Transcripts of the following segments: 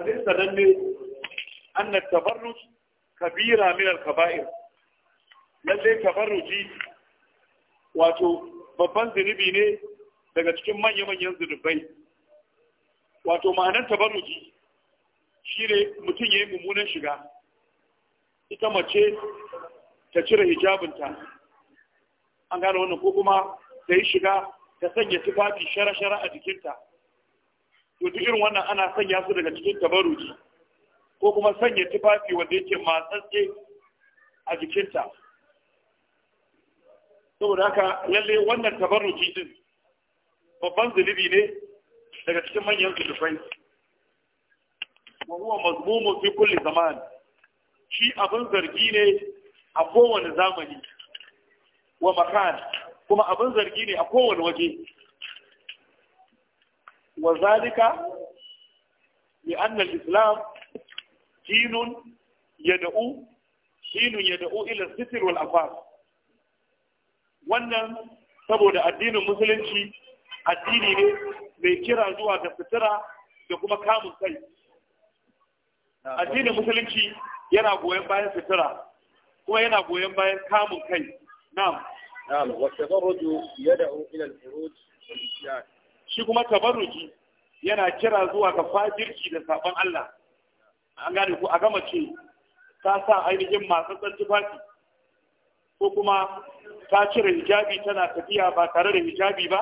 وقد Sananne, أن التبرج كبيرة من الكبائر لذي تبرجي واتو babban zunubi ne daga cikin manya-manyan zunubai wato ma'anar tabarruji shi ne mutum ya yi mummunan shiga ita mace ta cire hijabinta an gane wannan ko kuma ta yi shiga ta sanya tufafi shara-shara a jikinta to duk irin wannan ana sanya su daga cikin tabaruji ko kuma sanya tufafi wanda yake matsatse a jikinta saboda haka lalle wannan tabaruji din babban zunubi ne daga cikin manyan zunubai. wahuwa huwa mazmumu fi kulli zaman shi abin zargi ne a kowane zamani wa makan kuma abin zargi ne a kowane waje wa zalika li anna al-islam dinun yad'u dinun yad'u ila sitr wannan saboda addinin musulunci addini ne mai kira zuwa da sutura da kuma kamun kai addinin musulunci yana goyon bayan sutura kuma yana goyon bayan kamun kai na'am na'am wa tadarruju yad'u ila al-khuruj wal shi kuma tabarruki yana kira zuwa ga fajirci da sabon Allah an gane ku a gama ce ta sa ainihin masu matsatsan tufafi ko kuma ta cire hijabi tana tafiya ba tare da hijabi ba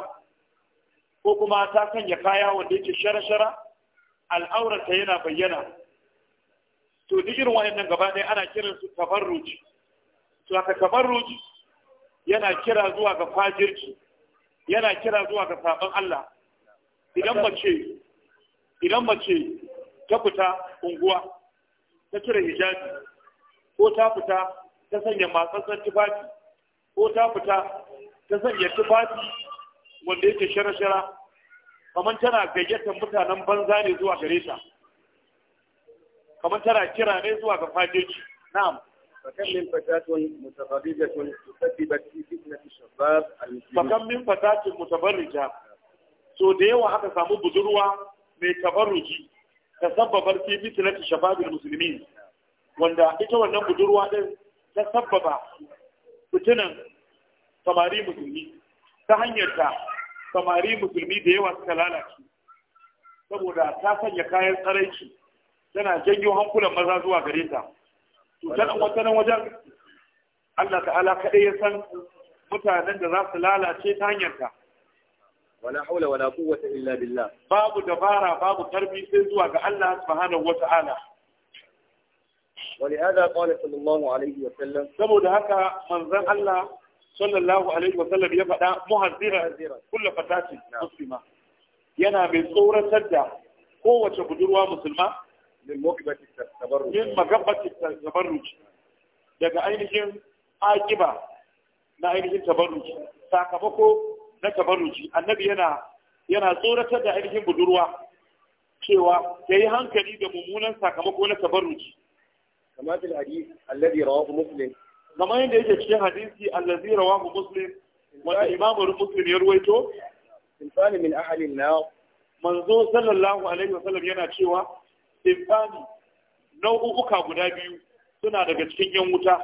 ko kuma ta sanya kaya wanda yake shara-shara al'aurarta yana bayyana to duk irin wayannan gaba ɗaya ana kiran su tabarruji to aka tabarruji yana kira zuwa ga fajirci yana kira zuwa ga sabon Allah idan mace idan mace ta fita unguwa ta cire hijabi ko ta fita ta sanya matsatsan tufafi ko ta fita ta sanya tufafi wanda yake shara-shara kamar tana gayyatar mutanen banza ne zuwa gare ta kamar tana kira ne zuwa ga fadeji na'am فكم من فتاة متبرجة فكم من فتاة متبرجة so da yawa aka samu budurwa mai tabarruki ta sabbabar fi mitilati shababil musulmin wanda ita wannan budurwa din ta sabbaba fitinan samari musulmi ta hanyar ta samari musulmi da yawa suka lalace saboda ta sanya kayan tsaraici tana janyo hankulan maza zuwa gare ta To cutar watanin wajen Allah ta'ala kaɗai ya san mutanen da za su lalace ta hanyarta wala haula wala quwwata illa billah babu dabara babu karfi sai zuwa ga Allah subhanahu wata'ala ولهذا قال صلى الله عليه وسلم saboda haka manzon Allah sallallahu ya faɗa muhazzira kullu fatati muslima yana mai tsoratar da kowace budurwa musulma min magabbati tabarruj daga ainihin akiba na ainihin tabarruj sakamako na tabarruji annabi yana yana tsoratar da ainihin budurwa cewa ya yi hankali da mummunan sakamako na tabarruji kamar fil hadis alladhi rawahu muslim kamar yadda yake cikin hadisi alladhi rawahu muslim wanda imamu muslim ya ruwaito insani min ahli an-nar manzo sallallahu alaihi wa sallam yana cewa insani nau'uka guda biyu suna daga cikin yan wuta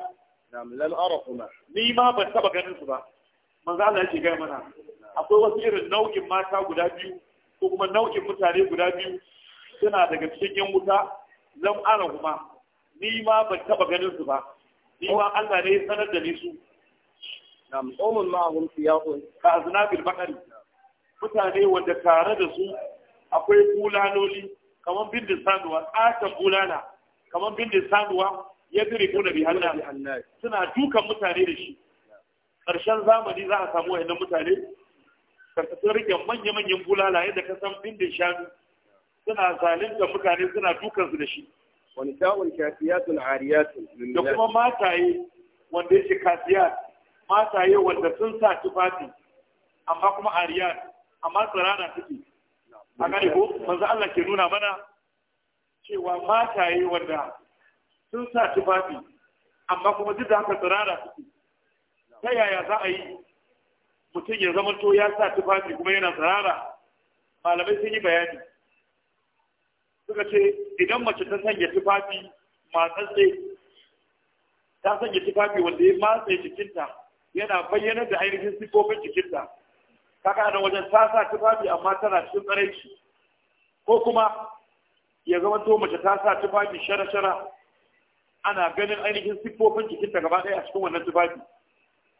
nam lam arahuma ni ma ban taba ganin su ba manzo Allah yake gaya mana akwai wasu irin nau'in mata guda biyu ko kuma nau'in mutane guda biyu suna daga cikin yan wuta zan ana kuma ni ma ban taba ganin su ba ni ma Allah ne ya sanar da ni su nam qawmun ma'ahum siyaqun ka bil bakari mutane wanda tare da su akwai kulanoli kamar bindin sanuwa ƙaton kulana kamar bindin sanuwa ya zuri kuna bi hannu suna dukan mutane da shi ƙarshen zamani za a samu wayannan mutane karkashin rike manya-manyan bulala yadda ka san bindin shanu suna da mutane suna dukansu da shi wani sa'un kafiyatun ariyatun da kuma mataye wanda yake kafiyat mataye wanda sun sa tufafi amma kuma ariyat amma tsirana suke a gani ko manzo Allah ke nuna mana cewa mataye wanda sun sa tufafi amma kuma duk da haka tsirana suke ta yaya za a yi mutum ya zama to ya sa tufafi kuma yana zarara. malamai sun yi bayani suka ce idan mace ta sanya tufafi matsatse ta sanya tufafi wanda ya matse jikinta yana bayyanar da ainihin sifofin jikinta kaga nan wajen ta sa tufafi amma tana cikin tsaraici ko kuma ya zama to mace ta sa tufafi shara-shara ana ganin ainihin siffofin jikinta gaba ɗaya a cikin wannan tufafi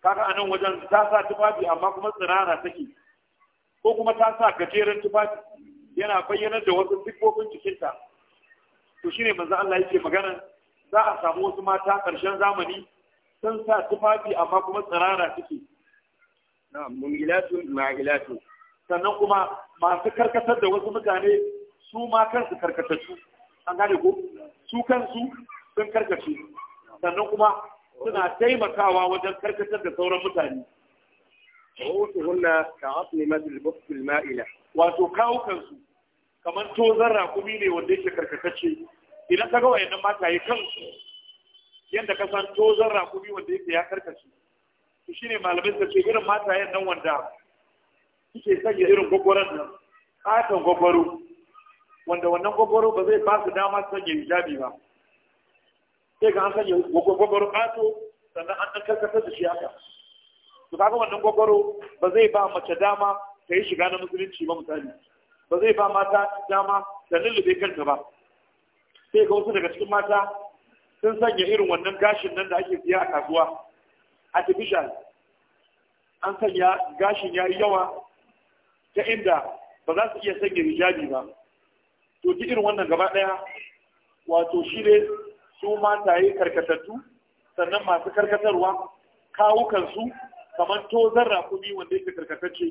kaga a nan wajen ta sa tufafi amma kuma tsirara take ko kuma ta sa gajeren tufafi yana bayyana da wasu siffofin cikinta to shine manzo Allah yake magana za a samu wasu mata ƙarshen zamani sun sa tufafi amma kuma tsirara take na'am mumilatun ma'ilatun sannan kuma masu karkatar da wasu mutane su ma kansu karkatattu an gane ko su kansu sun karkace sannan kuma suna taimakawa wajen karkatar da sauran mutane hunna ka asli matil buktul ma'ila wato kawo kansu kamar tozan rakumi ne wanda yake karkatacce idan ka ga wayannan yi kansu yadda ka san tozan rakumi wanda yake ya karkace to shine malamin suka ce irin mata nan wanda suke sanya irin gwagwaran nan katon gwagwaro wanda wannan gwagwaro ba zai ba su dama sanya hijabi ba sai ga an sanya gwagwaro ƙato sannan an ɗan karkatar da shi haka to kaga wannan gwagwaro ba zai ba mace dama ta yi shiga na musulunci ba misali ba zai ba mata dama ta lullube kanta ba sai ga wasu daga cikin mata sun sanya irin wannan gashin nan da ake siya a kasuwa artificial an sanya gashin ya yi yawa ta inda ba za su iya sanya hijabi ba to irin wannan gaba ɗaya wato shi ne su mataye karkatattu sannan masu karkatarwa kawukansu kamar tozon rakumi wanda yake karkatacce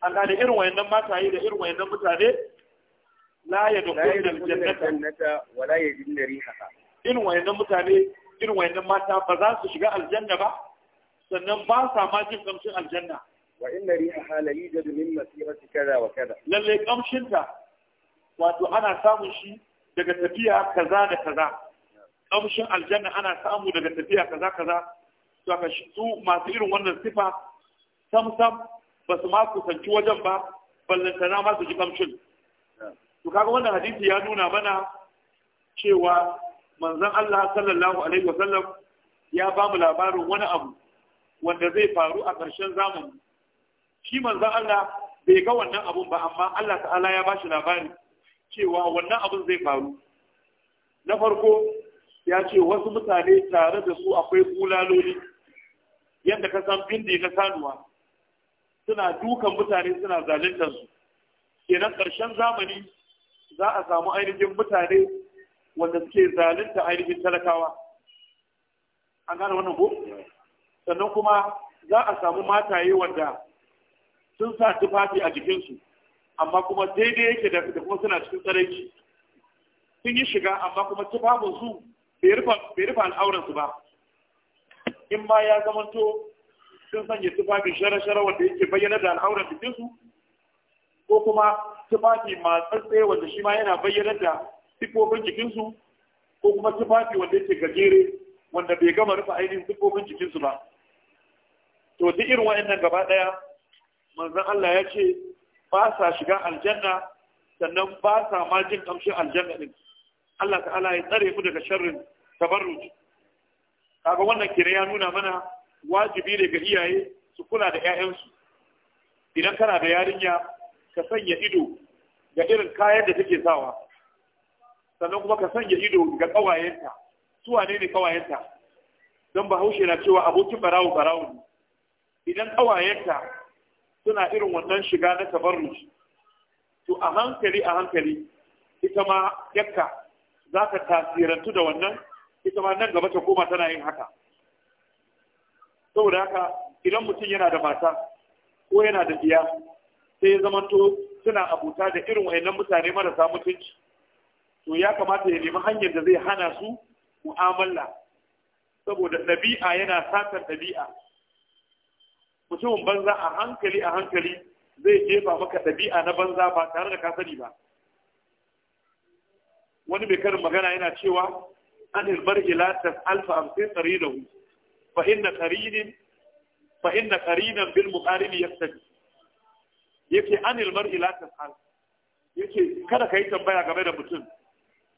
A gane irin wayannan mataye da irin wayannan mutane la ya dukkan aljannata wala ya jinna rihaha irin wayannan mutane irin wayannan mata ba za su shiga aljanna ba sannan ba sa ma jin kamshin aljanna wa inna rihaha la yujadu min masirati kaza wa kaza lalle kamshin ta wato ana samun shi daga tafiya kaza da kaza kamshin aljanna ana samu daga tafiya kaza kaza to su masu irin wannan sifa sam sam ba su ma kusanci wajen ba ballantana ma su ji kamshin to kaga wannan hadisi ya nuna mana cewa manzon Allah sallallahu alaihi wasallam ya ba mu labarin wani abu wanda zai faru a ƙarshen zamani shi manzon Allah bai ga wannan abun ba amma Allah ta'ala ya ba shi labari cewa wannan abin zai faru na farko ya ce wasu mutane tare da su akwai bulaloli yadda ka san bindi na sanuwa suna dukan mutane suna zaluntar su kenan ƙarshen zamani za a samu ainihin mutane wanda suke zalunta ainihin talakawa an gane wannan ko sannan kuma za a samu mataye wanda sun sa tufafi a jikinsu amma kuma daidai yake da kuma suna cikin tsaraici sun yi shiga amma kuma tufafin su bai rufe al'auran ba in ma ya zamanto sun sanya tufafin shara-shara wanda yake bayyana da al'auran cikin su ko kuma tufafi matsatsaye wanda shi ma yana bayyana da sifofin cikin su ko kuma tufafi wanda yake gajere wanda bai gama rufe ainihin sifofin cikin su ba to duk irin wa'annan gaba daya manzon Allah ya ce ba sa shiga aljanna sannan ba sa ma jin kamshin aljanna din Allah ta'ala ya tsare mu daga sharrin tabarruj kaga wannan kire ya nuna mana wajibi ne ga iyaye su kula da 'ya'yansu idan kana da yarinya ka sanya ido ga irin kayan da take sawa sannan kuma ka sanya ido ga kawayenta su wane ne kawayenta don bahaushe na cewa abokin barawo barawo ne idan kawayenta suna irin wannan shiga na tabarruci to a hankali a hankali ita ma yakka za ka tasirantu da wannan ita ma nan gaba ta koma tana yin haka saboda haka idan mutum yana da mata ko yana da biya sai ya zama to suna abuta da irin wayannan mutane marasa mutunci to ya kamata ya nemi hanyar da zai hana su mu'amala saboda ɗabi'a yana satar ɗabi'a mutumin banza a hankali a hankali zai jefa maka ɗabi'a na banza ba tare da ka sani ba wani mai karin magana yana cewa an ilmar ta alfa amsai tsari da hu fa inna qarinin bil inna Ya bil muqarini yaktabi yake an ilmar ilatas ya ce kada ka yi tambaya game da mutum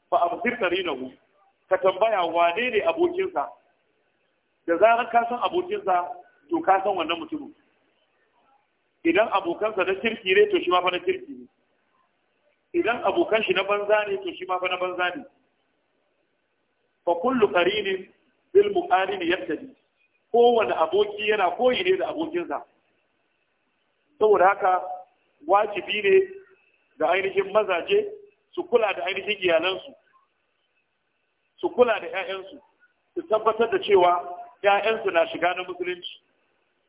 fa amsin tsari da hu ka tambaya wane ne abokinsa da zarar ka san abokinsa to ka san wannan mutumin idan abokansa na kirki ne to shi ma fa na kirki ne idan abokan shi na banza ne to shi ma fa na banza ne fa kullu qarinin bil muqarin yattadi kowane aboki yana koyi ne da abokinsa saboda haka wajibi ne da ainihin mazaje su kula da ainihin iyalansu su kula da 'ya'yansu su tabbatar da cewa ‘ya'yansu na shiga na musulunci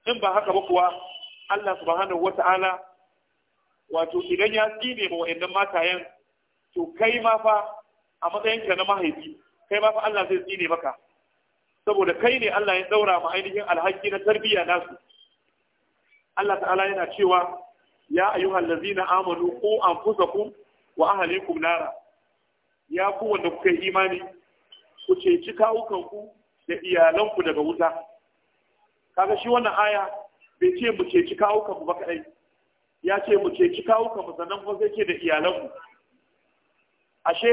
in ba haka ba kuwa Allah subhanahu wata'ala wato idan ya tsine ma wa'annan matayen to kai ma fa a matsayinka na mahaifi kai ma fa Allah zai tsine maka saboda kai ne Allah ya daura ma ainihin alhaki na tarbiyya nasu Allah ta'ala yana cewa ya ayyuhal ladzina amanu qu anfusakum wa ahlikum nara ya ku wanda kuka yi imani ku ceci kawukanku da iyalanku daga wuta kaga shi wannan aya bai ce mu ci kawo mu ba kadai ya ce mu ci kawo mu sannan kuma sai ke da iyalanmu. ashe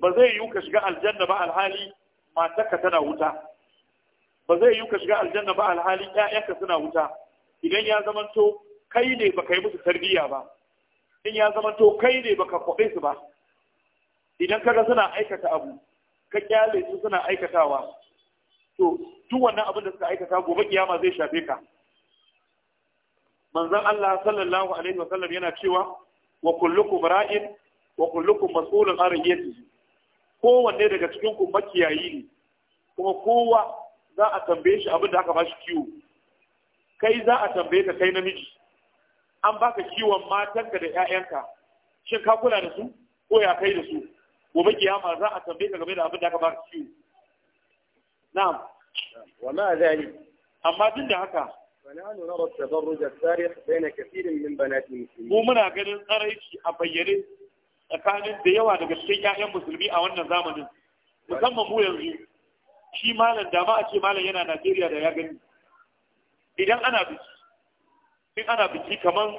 ba zai yiwu ka shiga aljanna ba alhali matarka tana wuta ba zai yiwu ka shiga aljanna ba alhali ƴaƴanka suna wuta idan ya zamanto kai ne baka yi musu tarbiyya ba in ya zamanto kai ne baka kwaɓe su ba idan kaga suna aikata abu ka kyale su suna aikatawa to duk wannan abin da suka aikata gobe kiyama zai shafe ka manzon Allah sallallahu alaihi wasallam yana cewa wa kullukum ra'in wa kullukum mas'ulun an ra'iyatihi kowanne daga cikin ku makiyayi ne kuma kowa za a tambaye shi abin da aka bashi kiwo kai za a tambaye ka kai namiji an baka kiwon matanka da 'ya'yanka shin ka kula da su ko ya kai da su gobe kiyama za a tambaye ka game da abin da aka bashi kiwo na'am wa ma zali amma duk da haka نرى التبرج السارح بين كثير من بنات المسلمين mu muna ganin tsaraici a bayyane tsakanin da yawa daga cikin ƴaƴan musulmi a wannan zamanin musamman mu yanzu shi malam da ma a ce malam yana Najeriya da ya gani idan ana biki in ana biki kamar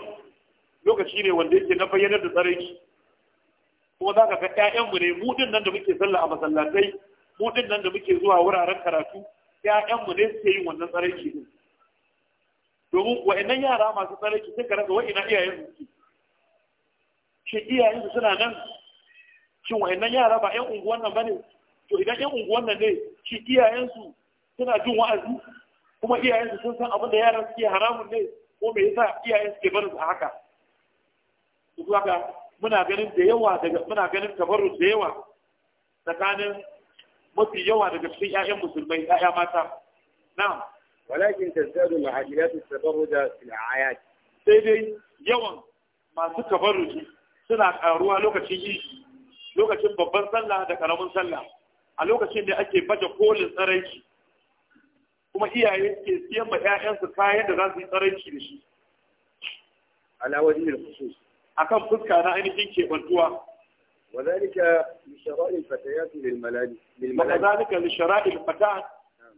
lokaci ne wanda yake na bayyanar da tsaraici kuma za ka ga ƴaƴanmu ne mu din nan da muke sallah a masallatai mu din nan da muke zuwa wuraren karatu ƴaƴanmu ne suke yin wannan tsaraici din domin wa'annan yara masu tsaraici suka rasa wa'ina iyayen su suke shin iyayen su suna nan shi wa'annan yara ba ƴan unguwan nan bane to idan ƴan unguwan nan ne shi iyayen su suna jin wa'azi kuma iyayen su sun san abin da yaran suke haramun ne ko me yasa iyayen suke barin su haka duk haka muna ganin da yawa daga muna ganin tabarru da yawa tsakanin mafi yawa daga cikin 'ya'yan musulmai 'ya'ya mata na'am walakin tazdadu ma'ajilat at fil ayat sai dai yawan masu tabarruji suna karuwa lokacin yi lokacin babban sallah da karamin sallah a lokacin da ake baje kolin tsaraici kuma iyaye ke siyan ma 'ya'yansu kayan da za su yi tsaraici da shi ala wajhil khusus akan fuska na ainihin kebantuwa وذلك لشراء الفتيات للملابس وكذلك لشراء الفتاة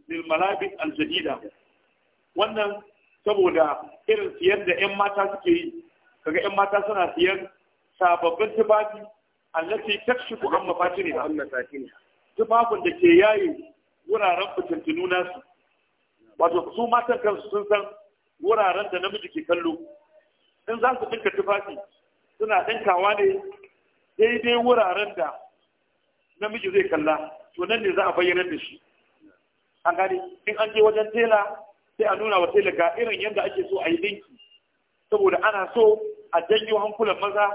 للملابس الجديدة wannan saboda irin siyar da 'yan mata suke yi kaga 'yan mata suna siyar sababbin tufafi ta allaci takshiku an mafatini tufafin da ke yaye wuraren fitintinu nasu wato su matan kansu sun san wuraren da namiji ke kallo in za su dinka tufafi suna dinkawa ne daidai wuraren da namiji zai kalla to nan ne za a bayyana da shi an gani in an je wajen tela sai a nuna wa tela ga irin yadda ake so a yi dinki saboda ana so a janyo hankulan maza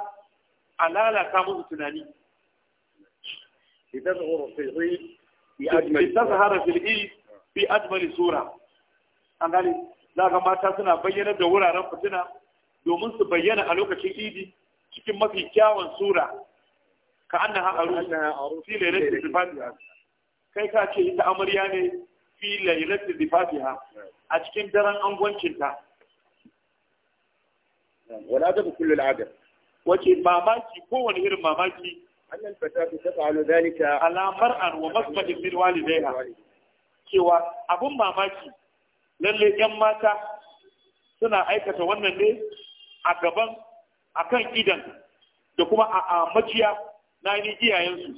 a lalata musu tunani litazhara fil eid fi ajmali sura an gani, za ga mata suna bayyana da wuraren fitina domin su bayyana a lokacin idi cikin mafi kyawun sura ka annaha aru fi lailatul zifatiha kai ka ce ita amarya ne fi lailatul zifatiha a cikin daren angwancinta wala da kullu al'adar wace mamaki kowane irin mamaki annal fatatu taf'alu dhalika ala mar'an wa masbadin min walidayha cewa abun mamaki lalle yan mata suna aikata wannan ne a gaban akan idan da kuma a maciya na ni iyayensu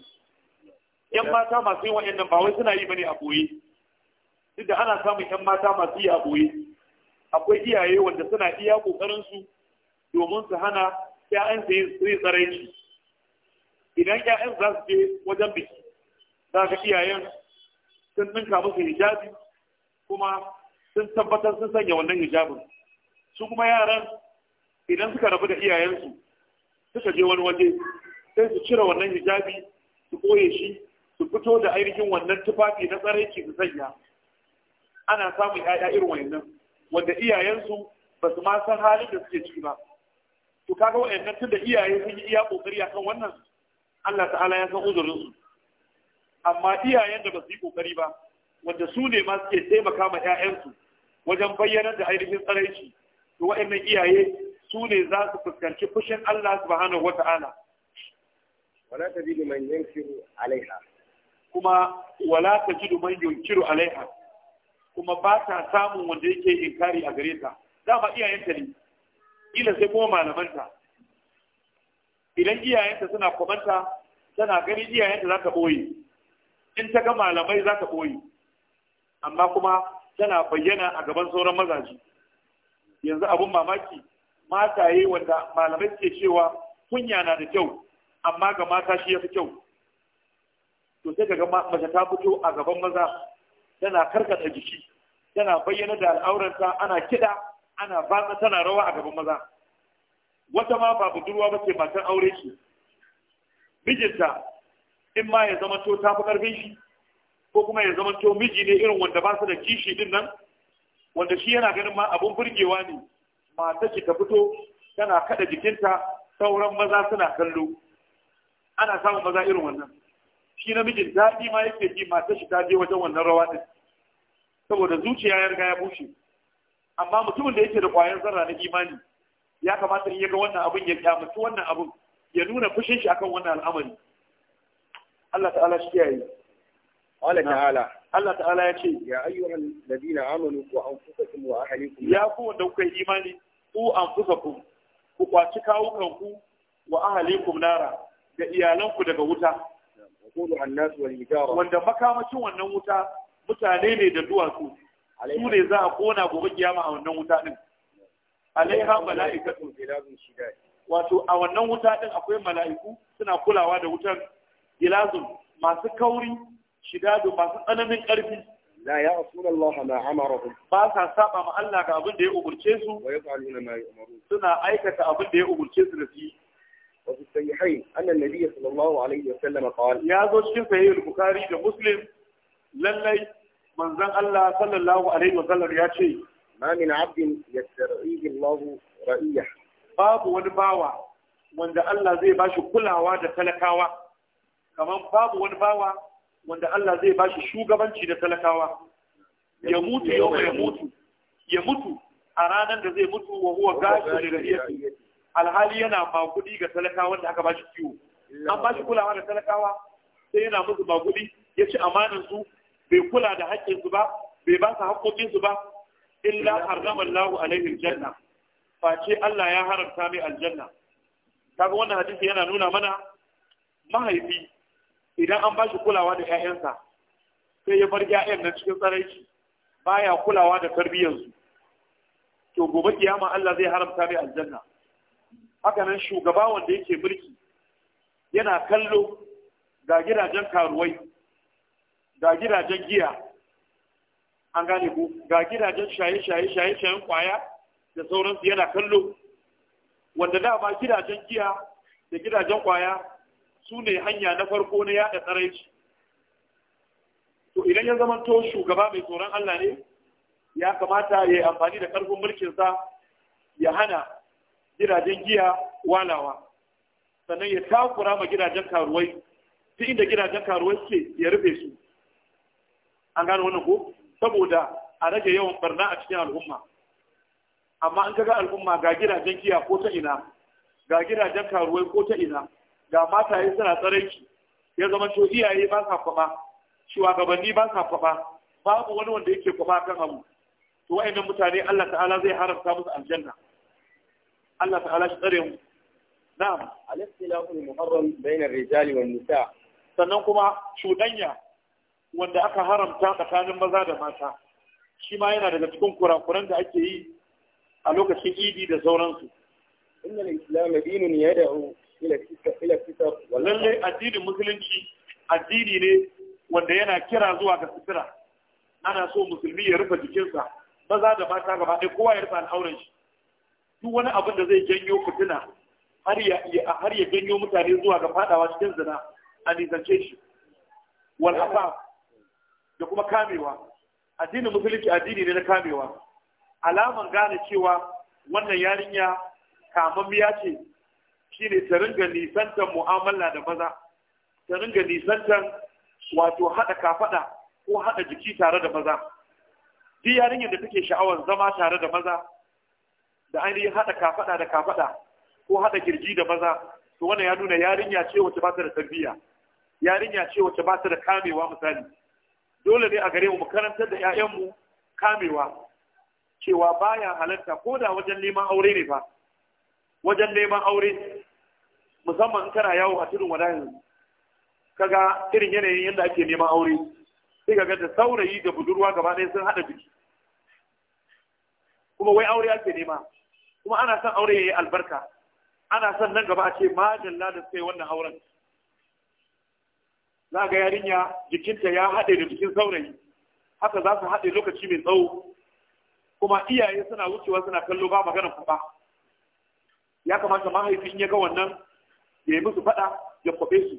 yan mata masu yin wa'annan ba wai suna yi bane a boye duk da ana samun yan mata masu yi a boye akwai iyaye wanda suna iya kokarin su domin su hana ƴaƴan su tsare shi. idan ƴaƴan za su je wajen biki za ka iyayen sun ninka musu hijabi kuma sun tabbatar sun sanya wannan hijabin su kuma yaran idan suka rabu da iyayensu suka je wani waje sai su cire wannan hijabi su koye shi su fito da ainihin wannan tufafi na tsaraici su sanya ana samun ‘ya'ya irin wannan, wanda iyayensu ba su ma san halin da suke ciki ba to kaga wayannan tun da iyaye sun yi iya kokari akan wannan Allah ta'ala ya san uzurinsu amma iyayen da ba su yi kokari ba wanda su ne ma suke taimaka ma ‘ya'yansu wajen bayyanar da ainihin tsaraici to wayannan iyaye su ne za su fuskanci fushin Allah subhanahu wata'ala wala tajidu man yankiru alaiha kuma wala tajidu man yunkiru alaiha kuma ba ta samun wanda yake inkari a gare ta dama iyayenta ne ila sai kuma malamanta idan iyayenta suna kwamanta tana ganin iyayenta za ta ɓoye in ta ga malamai za ta ɓoye amma kuma tana bayyana a gaban sauran mazaje yanzu abun mamaki mataye wanda malamai ke cewa kunya na da kyau amma ga mata shi ya fi kyau to sai kaga mace ta fito a gaban maza tana karkata jiki tana bayyana da al'auranta ana kiɗa ana batsa tana rawa a gaban maza wata ma ba budurwa ba ce matan aure ce mijinta in ma ya zama to ta fi ƙarfin shi ko kuma ya zama to miji ne irin wanda ba su da kishi din nan wanda shi yana ganin ma abun burgewa ne mata ki ta fito tana kaɗa jikinta sauran maza suna kallo ana samun maza irin wannan shi namijin daɗi ma yake ji mata shi ta je wajen wannan rawa din saboda zuciya ya riga ya bushe amma mutumin da yake da ƙwayar zarra na imani ya kamata in ya ga wannan abin ya kyamatu wannan abin ya nuna fushin shi akan wannan al'amari Allah ta'ala shi kiyaye Allah ta'ala Allah ta'ala ya ce ya ayyuhal ladina amanu wa anfusakum wa ahlikum ya ku wanda kuka yi imani ku anfusakum ku kwaci kawukan ku wa ahlikum nara da iyalanku daga wuta wanda makamacin wannan wuta mutane ne da duwatsu su ne za a kona gobe kiyama a wannan wuta din alaiha mala'ikatu wato a wannan wuta din akwai mala'iku suna kulawa da wutan gilazun masu kauri shidadu masu tsananin ƙarfi la ya rasulullah ma amarahum ba sa saba ma Allah ga abin da ya umurce su wa yaf'aluna ma suna aikata abin da ya umurce su da su وفي الصحيحين أن النبي صلى الله عليه وسلم قال يا ذو الشفة البخاري ومسلم للي من زن الله صلى الله عليه وسلم يا شيء ما من عبد يسترعيه الله رئيه باب ونباوة وان الله زي باشو عواجة تلكاوة كمان باب ونباوة وان الله زي باشو شو قبل شيء تلكاوة يموت يوم يموت يموت أرانا زي موت وهو قاسو لرئيته alhali yana makudi ga talakawa wanda aka ba shi kiwo an ba shi kulawa da talakawa sai yana musu makudi ya ci amanarsu su bai kula da haƙƙinsu ba bai ba su haƙƙoƙinsu ba illa harrama Allahu alaihi aljanna face Allah ya haramta mai aljanna kaga wannan hadisi yana nuna mana mahaifi idan an ba shi kulawa da ƴaƴansa sai ya bar ƴaƴan nan cikin tsaraici baya kulawa da tarbiyyar to gobe kiyama Allah zai haramta mai aljanna haka nan shugaba wanda yake mulki yana kallo ga gidajen karuwai ga gidajen giya an gane ku ga gidajen shaye-shaye shaye-shayen kwaya da sauransu yana kallo wanda da ba gidajen giya da gidajen kwaya su ne hanya na farko na yada tsaraici to idan ya zama to shugaba mai tsoron Allah ne ya kamata ya yi amfani da karfin mulkinsa ya hana gidajen giya walawa sannan ya takura ma gidajen karuwai ta inda gidajen karuwai suke ya rufe su an gano wannan ko saboda a rage yawan barna a cikin al'umma amma an kaga al'umma ga gidajen giya ko ta ina ga gidajen karuwai ko ta ina ga mataye suna tsaraiki ya zama to iyaye ba sa kwaba shugabanni ba sa kwaba babu wani wanda yake kwaba kan abu to wa'annan mutane Allah ta'ala zai haramta musu aljanna Allah ta'ala shi tsare mu na'am al-istilahu al-muharram bayna ar-rijali wan nisa sannan kuma shudanya wanda aka haramta tsakanin maza da mata shi ma yana daga cikin kurakuran da ake yi a lokacin idi da sauransu inna al-islam dinun yad'u ila ila fitar wallahi addinin musulunci addini ne wanda yana kira zuwa ga fitira ana so musulmi ya rufe jikinsa maza da mata gaba ɗaya kowa ya rufe al'auran shi duk wani abin da zai janyo fitina har ya janyo mutane zuwa ga fadawa cikin zina a nisance shi wal da kuma kamewa addinin musulunci addini ne na kamewa alaman gane cewa wannan yarinya kamammiya ce shine ta ringa mu'amala da maza ta ringa nisantar wato haɗa kafaɗa ko haɗa jiki tare da maza duk yarinyar da take sha'awar zama tare da maza da ainihin haɗa kafaɗa da kafaɗa ko haɗa girgi da maza to wannan ya nuna yarinya ce wacce ba ta da tarbiyya yarinya ce wacce ba ta da kamewa misali dole ne a gare mu mu karantar da 'ya'yanmu kamewa cewa baya halarta ko da wajen neman aure ne fa wajen neman aure musamman in kana yawo a tudun wadayin kaga irin yanayin yadda ake neman aure sai kaga da saurayi da budurwa gaba ɗaya sun haɗa jiki kuma wai aure ake nema kuma ana son aure ya yi albarka ana son nan gaba a ce majalla da suka wannan auren za ga yarinya jikinta ya haɗe da jikin saurayi haka za su haɗe lokaci mai tsawo kuma iyaye suna wucewa suna kallo ba maganar kuɓa ya kamata mahaifin ya ga wannan ya yi musu faɗa ya kwaɓe su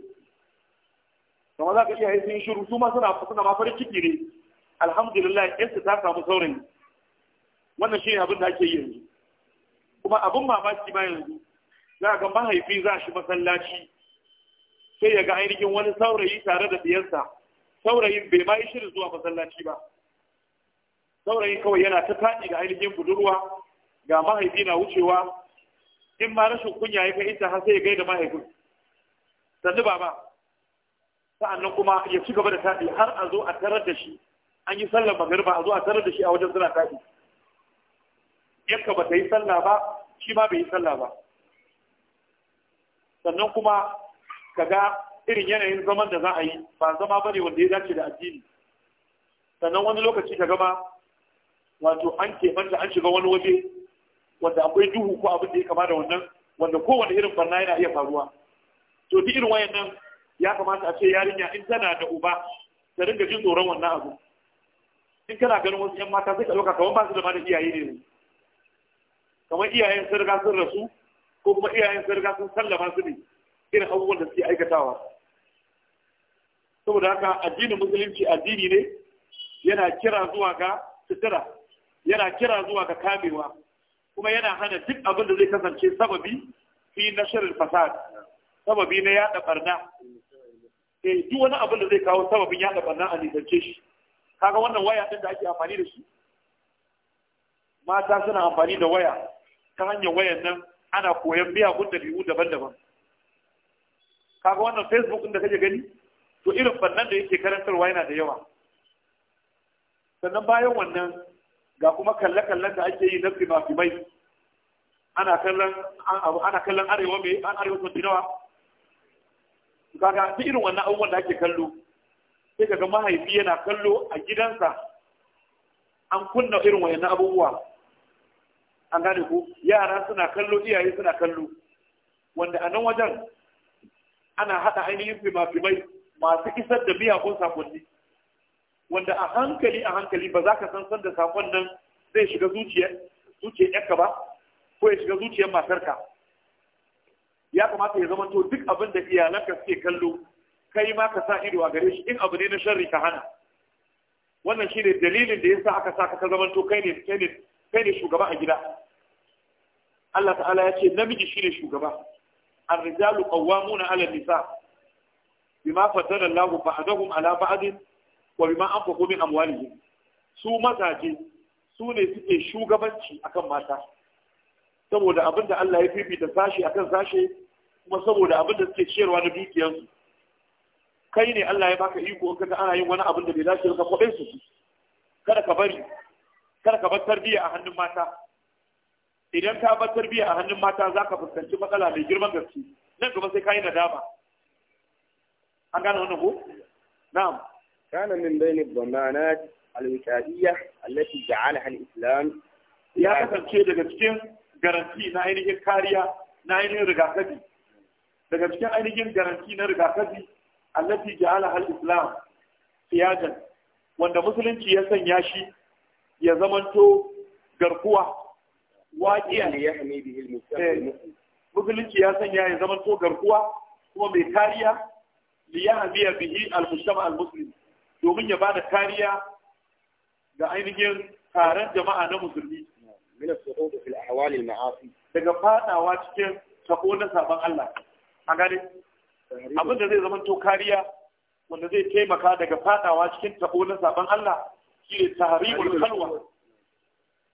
kuma za ka iyaye sun shiru su ma suna suna ma farin ciki ne alhamdulillah yansu ta samu saurayi wannan shi ne abin da ake yi yanzu kuma abin mamaki ba yanzu za ga mahaifi za shi masallaci sai ya ga ainihin wani saurayi tare da biyarsa saurayin bai ma yi shiri zuwa masallaci ba saurayin kawai yana ta taɗi ga ainihin budurwa ga mahaifi na wucewa in ma rashin kunya ya kai ita har sai ya gaida mahaifin sannu baba sa'annan kuma ya ci gaba da taɗi har a zo a tarar da shi an yi sallar magariba a zo a tarar da shi a wajen suna taɗi yanka ba ta yi sallah ba shi ma bai yi sallah ba sannan kuma ka ga irin yanayin zaman da za a yi ba zama ba ne wanda ya dace da addini sannan wani lokaci ka gama wato an keɓanta an shiga wani waje wanda akwai duhu ko abin da ya kama da wannan wanda kowane irin barna yana iya faruwa to duk irin wayannan ya kamata a ce yarinya in tana da uba ta dinga jin tsoron wannan abu in kana ganin wasu 'yan mata sai ka ɗauka kamar ba su da ma da iyaye ne kamar iyayen sarga sun rasu ko kuma iyayen sarga sun sallama su ne irin abubuwan da suke aikatawa saboda haka addinin musulunci addini ne yana kira zuwa ga sutura yana kira zuwa ga kamewa kuma yana hana duk abin da zai kasance sababi fi shirin fasad sababi na yada barna eh duk wani abin da zai kawo sababin yada barna a nisance shi kaga wannan waya din da ake amfani da shi mata suna amfani da waya ta hanyar wayan nan ana koyan da biyu daban-daban kaga wannan facebook din da kake gani to irin bannan da yake karantarwa yana da yawa sannan bayan wannan ga kuma kalle-kallen da ake yi na fimafimai ana kallon ana kallon arewa mai an arewa kuntinawa kaga duk irin wannan abubuwan da ake kallo sai kaga mahaifi yana kallo a gidansa an kunna irin wayannan abubuwa an gane ko yara suna kallo iyaye suna kallo wanda a nan wajen ana haɗa ainihin fimafimai masu isar da miyagun sakonni wanda a hankali a hankali ba za ka san san da sakon nan zai shiga zuciyar yanka ba ko ya shiga zuciyar matarka ya kamata ya zama to duk abin da iyalanka suke kallo kai ma ka sa ido a gare shi in abu ne na sharri ka hana wannan shine dalilin da ya sa aka sa ka zama to kai ne kai ne kai ne shugaba a gida Allah ta'ala ya ce namiji shine shugaba ar-rijalu qawwamuna 'ala an-nisa bima faddala Allahu ba'dahum 'ala ba'd wa bima anfaqu min amwalihim su mazaje su ne suke shugabanci akan mata saboda abinda Allah ya fifita sashi akan sashi kuma saboda da suke ciyarwa na dukiyarsu kai ne Allah ya baka iko kaga ana yin wani abin da bai dace ka kwabe su kada ka bari kar ka bar tarbiyya a hannun mata idan ka bar tarbiyya a hannun mata za ka fuskanci matsala mai girman gaske nan gaba sai ka yi nadama an gane wannan ko na'am kana min bayni dhamanat al-wiqa'iyya allati ja'alaha al-islam ya kasance daga cikin garanti na ainihin kariya na ainihin rigakafi daga cikin ainihin garanti na rigakafi allati ja'alaha al-islam siyajan wanda musulunci ya sanya shi ya zamanto garkuwa waƙiya eh, musulunci ya sanya ya zamanto garkuwa kuma mai kariya da ya hamiya bihi al mushama al-muslim domin ya bada kariya ga ainihin taron jama'a na musulmi fil daga fadawa cikin sako na sabon Allah a gane abin da zai zamanto kariya wanda zai taimaka daga fadawa cikin taɓo na sabon Allah shi tahrimul kalwa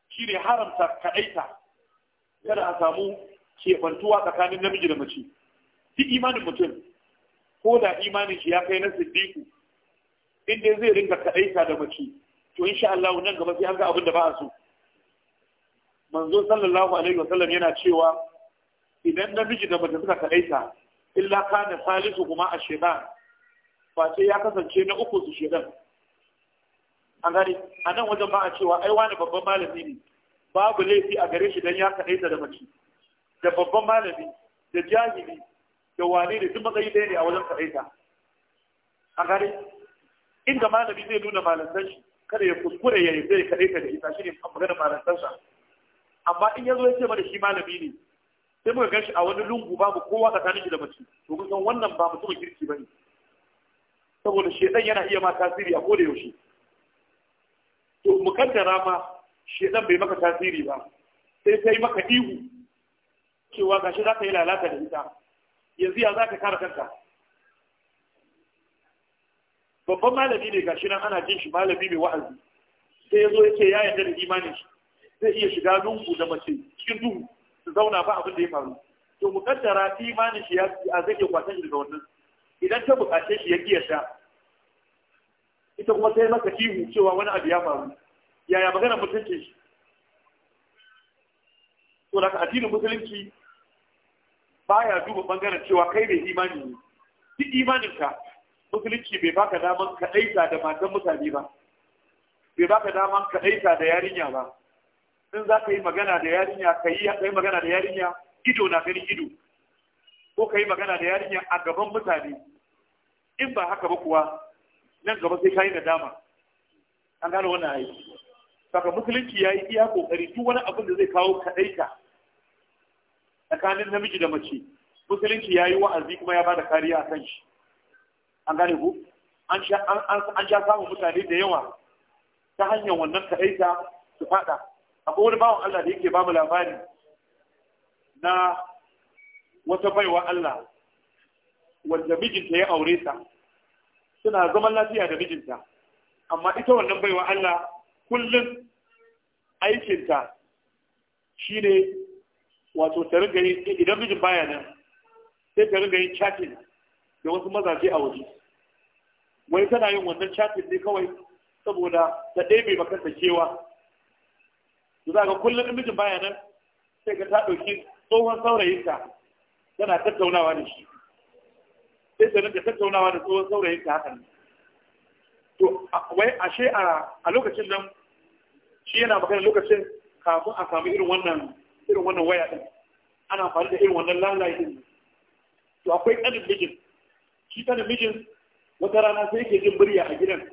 shi ne haramta kaɗaita kada a samu kefantuwa tsakanin namiji da mace duk imanin mutum ko da imanin shi ya kai na siddiku in dai zai ringa kaɗaita da mace to insha Allah nan gaba sai an ga abin da ba a so manzo sallallahu alaihi wasallam yana cewa idan namiji da mace suka kaɗaita illa kana salisu kuma a shaitan face ya kasance na uku su shaitan an gane a nan wajen ba a cewa ai wani babban malami ne babu laifi a gare shi dan ya kaɗaita da mace da babban malami da jahili da wane da duk matsayi ɗaya ne a wajen kaɗaita a gane inda malami zai nuna malantar kada ya kuskure ya yi zai kaɗaita da ita shi ne magana malantarsa amma in ya zo ya ce mana shi malami ne sai muka gan shi a wani lungu babu kowa tsakanin shi da mace to kun san wannan ba mutumin kirki ba ne saboda shedan yana iya ma tasiri a koda yaushe to mukaddara ma shedan bai maka tasiri ba sai sai maka ihu cewa gashi za ka yi lalata da ita yanzu ya za ka kare kanka babban malami ne gashi nan ana jin shi malami mai wa'azi sai ya zo ya ce ya yarda da imanin shi zai iya shiga lungu da mace cikin duhu su zauna ba abin da ya faru to mukaddara imanin shi ya zai iya kwatan shi daga wannan idan ta bukace shi ya kiyasta ita kuma sai maka kihu cewa wani abu ya faru yaya magana mutunci shi to da addinin musulunci baya duba bangaren cewa kai bai imani ne duk imaninka musulunci bai baka daman kaɗaita da matan mutane ba bai baka daman kaɗaita da yarinya ba in za ka yi magana da yarinya ka yi magana da yarinya ido na ganin ido ko ka yi magana da yarinya a gaban mutane in ba haka ba kuwa nan gaba sai kayi nadama an gane wannan aiki saka musulunci ya iya kokari duk wani abin da zai kawo kadaita tsakanin namiji da mace musulunci yayi yi wa'azi kuma ya bada kariya akan kan shi an gane ku an sha samun mutane da yawa ta hanyar wannan kadaita su fada akwai wani bawan Allah da yake bamu labari na wata baiwa Allah wanda mijinta ya aure ta suna zaman lafiya da mijinta amma ita wannan baiwa Allah kullum aikinta shi ne, wato ta ringa idan mijin baya nan sai ta chatting da wasu mazaje a waje wai tana yin wannan chatting ne kawai saboda ta ɗebe makanta kewa to za ka kullum mijin baya nan sai ka ta ɗauki tsohon saurayinta tana tattaunawa da shi sai ta da tattaunawa da tsohon saurayin ta hakan to wai ashe a lokacin nan shi yana magana lokacin kafin a samu irin wannan irin wannan waya din ana faru da irin wannan lalai din to akwai kanin mijin shi kanin mijin wata rana sai yake jin birya a gidan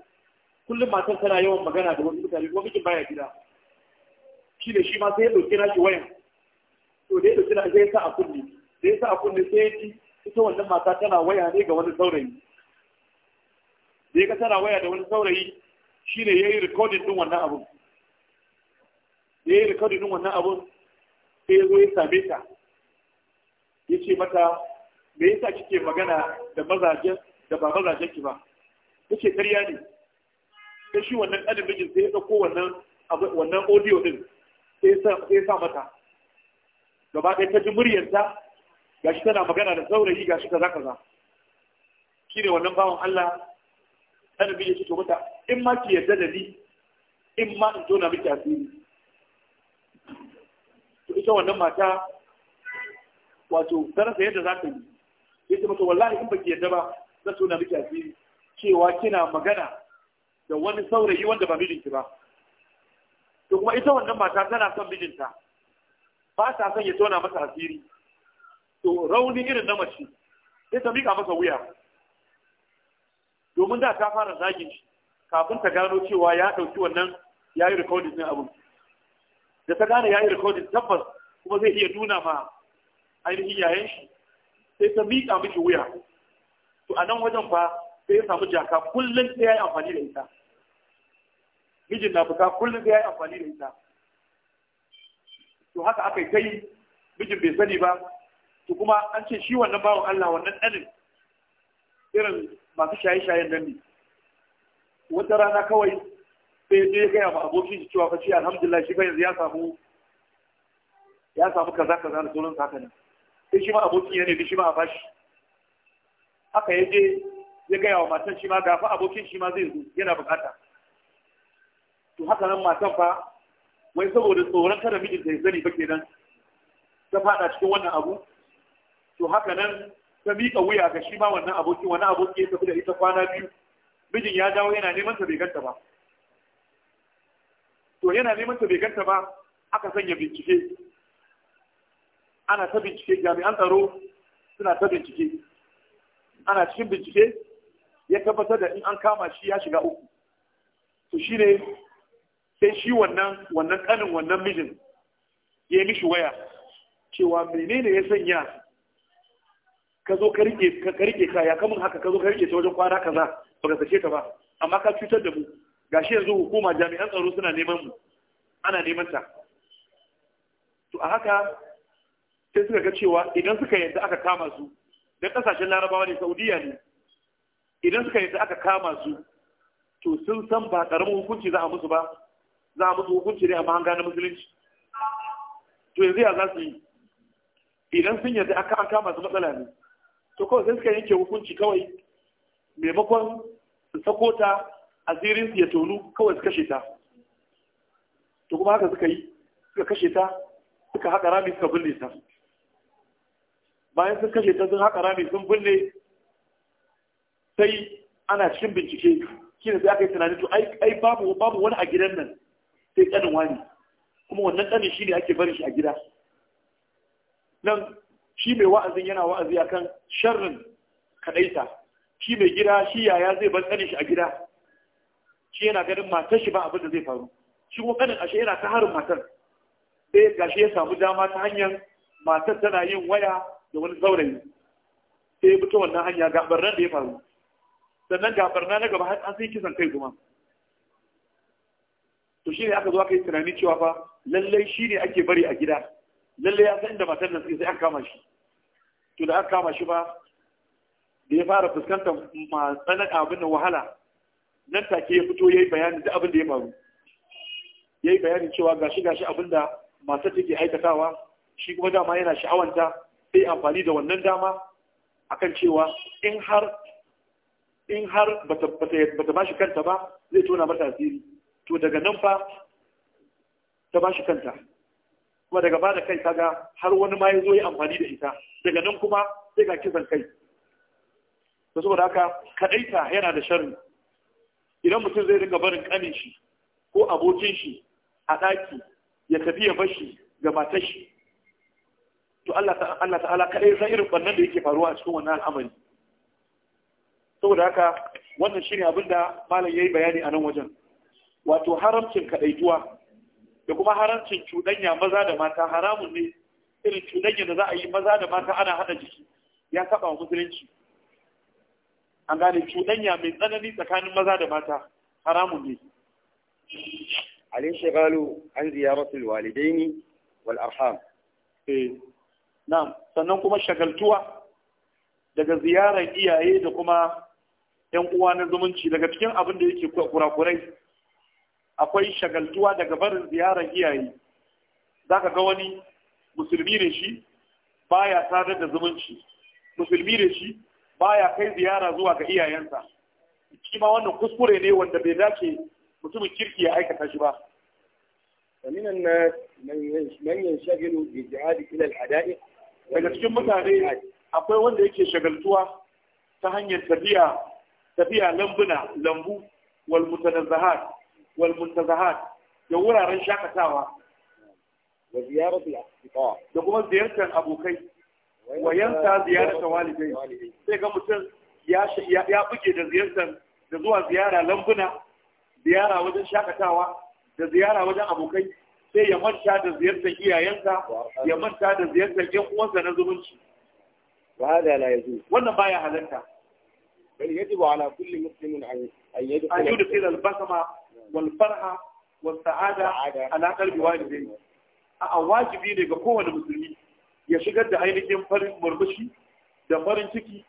kullum matan tana yawan magana da wasu mutane kuma mijin baya gida shi ne shi ma sai ya dauki nashi wayan to da ya ɗauki nashi sai ya sa a kunne Sai ya sa a kunne sai ya ci ita wannan mata tana waya ne ga wani saurayi da ya ga tana waya da wani saurayi shi ne ya yi rikodin din wannan abun da yi rikodin din wannan abun sai ya zo ya same ta ya ce mata me yasa kike magana da mazajen da ba mazajen ki ba ce karya ne ta shi wannan ɗanin mijin sai ya ɗauko wannan wannan audio din sai ya sa mata gaba ɗaya ta ji muryarta gashi tana magana da saurayi gashi kaza shi ne wannan bawan Allah annabi ya ce to mata in ma ki yarda da ni in ma in tona miki asiri to ita wannan mata wato tarasa yadda za ta yi ya ce mata wallahi in baki yarda ba zan tona miki asiri cewa kina magana da wani saurayi wanda ba mijinki ba to kuma ita wannan mata tana son mijinta ba ta son ya tona mata asiri to rauni irin na mace sai ta miƙa masa wuya domin da ta fara zagin shi kafin ta gano cewa ya ɗauki wannan ya yi rikodin ɗin abin da ta gane ya yi rikodin tabbas kuma zai iya nuna ma ainihin yayan shi sai ta miƙa miki wuya to a nan wajen fa sai ya samu jaka kullum sai ya yi amfani da ita mijin na fita kullum sai ya yi amfani da ita to haka aka yi kai mijin bai sani ba to kuma an ce shi wannan bawon Allah wannan ɗanin irin masu shaye-shayen nan ne wata rana kawai sai ya gaya ma abokin shi cewa fashi alhamdulillah shi fa yanzu ya samu ya samu kaza kaza da sauran haka ne sai shi ma abokin ya ne shi ma a bashi haka ya je ya gaya wa matan shi ma gafa abokin shi ma zai zo yana bukata to haka nan matan fa wai saboda tsoron kada mijinta ya zani ba kenan ta fada cikin wannan abu to haka nan ta miƙa wuya ga shi ma wannan aboki wani aboki ya tafi da ita kwana biyu mijin ya dawo yana neman ta bai ganta ba to yana neman ta bai ganta ba aka sanya bincike ana ta bincike jami'an tsaro suna ta bincike ana cikin bincike ya tabbatar da in an kama shi ya shiga uku to shi ne sai shi wannan wannan kanin wannan mijin ya yi mishi waya cewa menene ya sanya ka zo ka rike ka rike kaya kamun haka ka zo ka rike ta wajen kwana kaza baka sace ta ba amma ka cutar da mu gashi yanzu hukuma jami'an tsaro suna neman mu ana neman ta to a haka sai suka ga cewa idan suka yadda aka kama su da kasashen larabawa ne saudiya ne idan suka yadda aka kama su to sun san ba karamin hukunci za a musu ba za a musu hukunci ne amma an gane musulunci to yanzu ya za su yi idan sun yadda aka kama su matsala ne to kawai sai suka yanke hukunci kawai maimakon su sako ta asirin su ya tonu kawai su kashe ta to kuma haka suka yi suka kashe ta suka haƙa rami suka binne ta bayan sun kashe ta sun haƙa rami sun binne sai ana cikin bincike shi ne sai aka yi tunanin to ai babu babu wani a gidan nan sai ƙanin wani kuma wannan ƙanin shi ne ake barin shi a gida nan shi mai wa'azin yana wa'azi a kan sharrin kadaita shi mai gida shi yaya zai ban tsanin shi a gida shi yana ganin matar shi ba abin da zai faru shi ko kanin ashe yana ta harin matar sai eh, gashi ya samu dama ta hanyar matar tana yin waya da wani saurayi sai ya fito wannan hanya gabar nan da ya faru sannan gabar na gaba har an sai kisan kai kuma to shi ne aka zo aka yi tunani cewa fa lallai shi ne ake bari a gida lalle ya san inda matar nan sai an kama shi to da aka kama shi ba da ya fara fuskantar matsanan abin da wahala nan take ya fito ya bayani da abin da ya faru ya yi bayanin cewa gashi gashi abin da matar take aikatawa shi kuma dama yana sha'awanta sai amfani da wannan dama akan cewa in har in har bata bashi kanta ba zai tona mata asiri to daga nan fa ta bashi kanta kuma daga ba da kai kaga har wani ma ya zo ya amfani da ita daga nan kuma sai ga kisan kai da saboda haka kadaita yana da sharri idan mutum zai dinga barin kanin shi ko abokin shi a daki ya tafi bashi ga matar shi to Allah Allah kaɗai kadai san irin bannan da yake faruwa a cikin wannan al'amari saboda haka wannan shine abin da malam ya yi bayani a nan wajen wato haramcin kadaituwa da kuma haramcin cuɗanya maza da mata haramun ne irin cuɗanya da za a yi maza da mata ana haɗa jiki ya taɓa wa musulunci an gane cuɗanya mai tsanani tsakanin maza da mata haramun ne al-inshigalu an ziyaratul walidaini wal arham eh na'am sannan kuma shagaltuwa daga ziyarar iyaye da kuma ƴan uwa na zumunci daga cikin abin da yake kurakurai akwai shagaltuwa daga barin ziyarar iyaye za ka ga wani musulmi ne shi baya sadar da zumunci musulmi ne shi baya kai ziyara zuwa ga iyayensa shi ma wannan kuskure ne wanda bai dace mutumin kirki ya aikata shi ba ومن الناس من ينشغل الى الحدائق daga cikin mutane akwai wanda yake shagaltuwa ta hanyar tafiya tafiya lambuna lambu wal mutanazzahat والمنتزهات يورا da wuraren shakatawa da kuma ziyartar abokai wa yansa ziyaratul walidai sai ga mutum ya buge da ziyartar da zuwa ziyara lambuna ziyara wajen da ziyara sai ya manta da ziyartar iyayensa ya manta da ziyartar yan uwansa na zumunci وهذا لا ya halarta. بايا هذا بل يجب على walfarha farha wal sa'ada ala qalbi walidayhi a wajibi ne ga kowane musulmi ya shigar da ainihin farin murmushi da farin ciki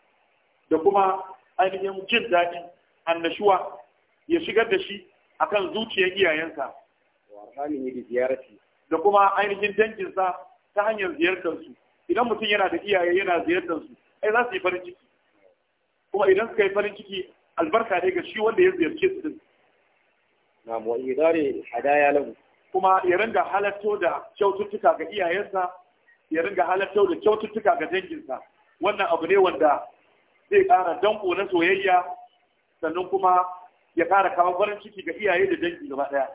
da kuma ainihin jin daɗi annashuwa ya shigar da shi akan zuciyar iyayensa da kuma ainihin danginsa ta hanyar ziyartarsu idan mutum yana da iyaye yana ziyartarsu ai za su yi farin ciki kuma idan suka yi farin ciki albarka ne ga shi wanda ya ziyarce su din na mu idare hadaya lahu kuma ya ringa halatto da kyaututtuka ga iyayensa ya ringa halatto da kyaututtuka ga danginsa wannan abu ne wanda zai ƙara danko na soyayya sannan kuma ya ƙara kawo farin ciki ga iyaye da dangi gaba ɗaya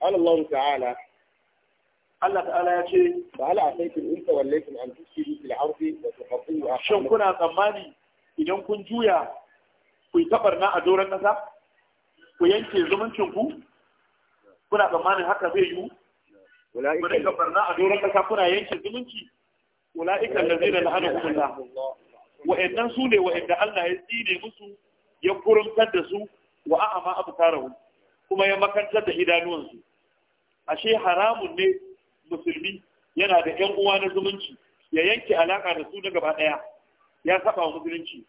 Allah ta'ala Allah ta'ala ya ce ba ala asaikin inta tawallaitum an tusiru fil ardi wa tuqatu shin kuna tsammani idan kun juya ku yi tabarna a doron ƙasa ku yanke zumuncin ku kuna tsammanin haka zai yiwu ku ka barna a doron kasa kuna yanke zumunci ula'ika lazina la'ana kumullah wa'annan su ne Allah ya tsine musu ya kurumtar da su wa a'ama abkarahu kuma ya makantar da idanuwansu ashe haramun ne musulmi yana da ƴan uwa na zumunci ya yanke alaka da su na gaba ɗaya ya saba wa musulunci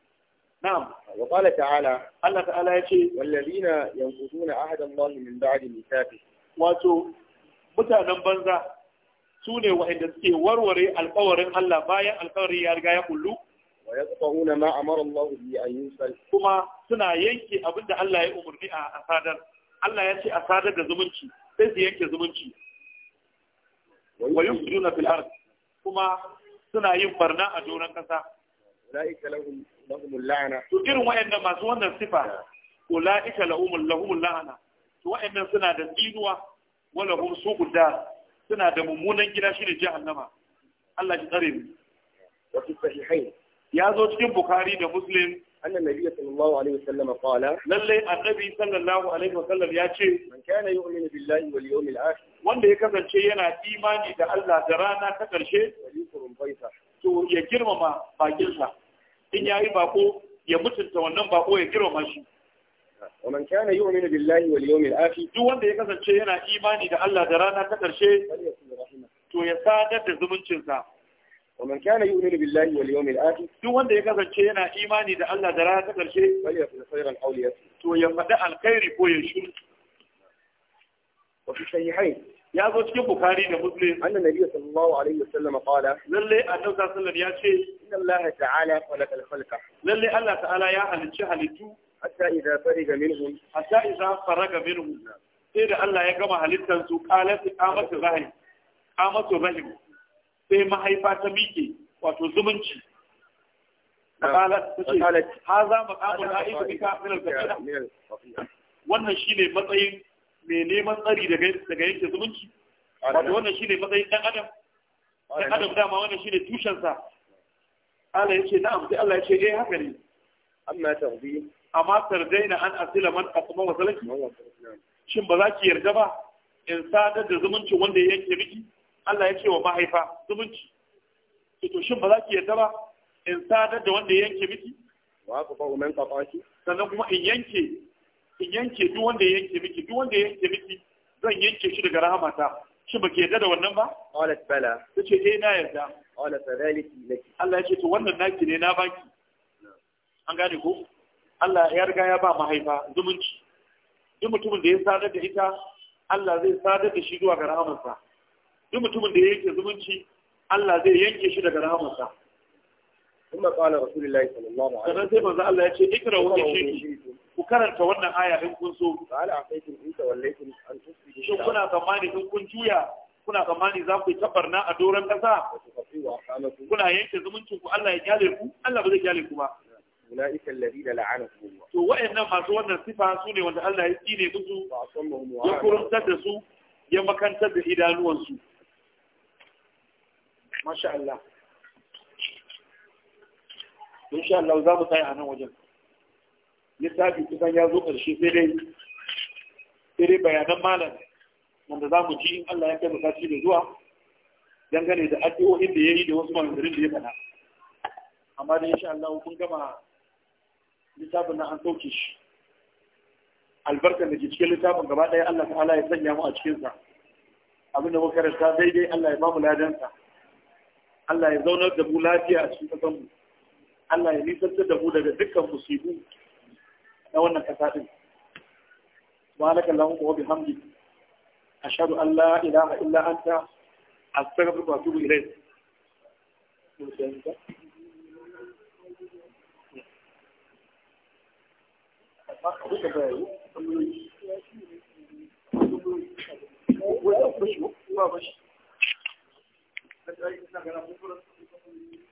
na'am wa qala ta'ala Allah ta'ala yace wallazina yanquduna ahada Allah min ba'di mithaqi wato mutanen banza su ne waɗanda suke warware alƙawarin Allah bayan alƙawarin ya riga ya kullu wa yaqta'una ma amara Allah bi an yusal kuma suna yanke abin Allah ya umurni a asadar Allah ya ce a sadar da zumunci sai su yanke zumunci wa yufsiduna kuma suna yin barna a doron ƙasa. ulaika lahum lahumul la'ana to irin wayannan masu wannan sifa ulaika lahumul lahumul la'ana to wayannan suna da tsinuwa wala hum suqud suna da mummunan gida shine jahannama Allah ya tsare mu wa fi sahihain ya zo cikin bukhari da muslim أن النبي صلى الله عليه وسلم قال Annabi sallallahu alaihi الله عليه وسلم ياتي من كان يؤمن wal واليوم الآخر wanda ya kasance yana imani da Allah da rana ta ƙarshe to ya girmama bakinsa in ya yi bako ya mutunta wannan bako ya girma shi Wannan man kana yu'minu billahi wal yawmil akhir duk wanda ya kasance yana imani da Allah da rana ta karshe to ya sadar da zumuncin sa wa man kana yu'minu billahi wal yawmil akhir duk wanda ya kasance yana imani da Allah da rana ta karshe to ya faɗi alkhairi ko ya shiru wa fi sahihain ya zo cikin bukari da muslim annan nabi sallallahu alaihi wasallam qala lalle annabi sallallahu ya ce inna allaha ta'ala khalaqa al-khalqa lalle allah ta'ala ya halicci halittu hatta idza fariga minhum hatta idza faraga minhum sai da allah ya gama halittar su qalat qamatu rahim qamatu rahim sai mahaifa ta miƙe wato zumunci qalat haza maqamul aisha bika min al-qasida wannan shine matsayin mai neman tsari daga yanke zumunci wato wannan shine matsayin ɗan adam Ɗan adam dama wannan shine ne tushensa Allah ce na'am sai Allah ya ce eh haka ne amma tarbi amma tardaina an asila man a wa wasalaki shin ba za ki yarda ba in sadar da zumunci wanda ya yanke miki Allah ya ce wa mahaifa zumunci to shin ba za ki yarda ba in sadar da wanda ya yanke miki wa ku ba umman qataki sannan kuma in yanke in yanke duk wanda ya yanke miki duk wanda ya yanke miki zan yanke shi daga rahamata shi baki yarda da wannan ba qalat bala tace eh na yarda qala fadhaliki laki Allah ya ce to wannan naki ne na baki an gane ko Allah ya riga ya ba mahaifa zumunci duk mutumin da ya sadar da ita Allah zai sadar da shi zuwa ga rahamarsa duk mutumin da ya yanke zumunci Allah zai yanke shi daga rahamarsa ثم قال رسول الله صلى الله عليه وسلم سنن سي الله يجي ku karanta wannan aya in kun so shin kuna tsammani in kun juya kuna tsammani za ku yi a doron kasa kuna yanke zumuncin ku Allah ya kyale ku Allah ba zai ku ba to wa'annan masu wannan sifa su ne wanda Allah ya tsine musu ya da su ya makantar da idanuwansu masha in sha Allah za mu tsaya a nan wajen littafi kusan ya zo ƙarshe sai dai sai dai bayanan malam wanda za mu ji Allah ya kai mu sati da zuwa dangane da addu'o'in da ya yi da wasu maganganun da ya faɗa amma da insha Allah kun gama littafin na an sauke shi albarkar da ke cikin littafin gaba ɗaya Allah ta'ala ya sanya mu a cikinsa abinda muka karanta daidai Allah ya ba mu ladansa Allah ya zaunar da mu lafiya a cikin ƙasar mu Allah ya nisantar da mu daga dukkan musibu na wannan kasa din subhanaka allahumma wa bihamdik ashhadu an la ilaha illa anta astaghfiruka wa atubu ilayk Thank you.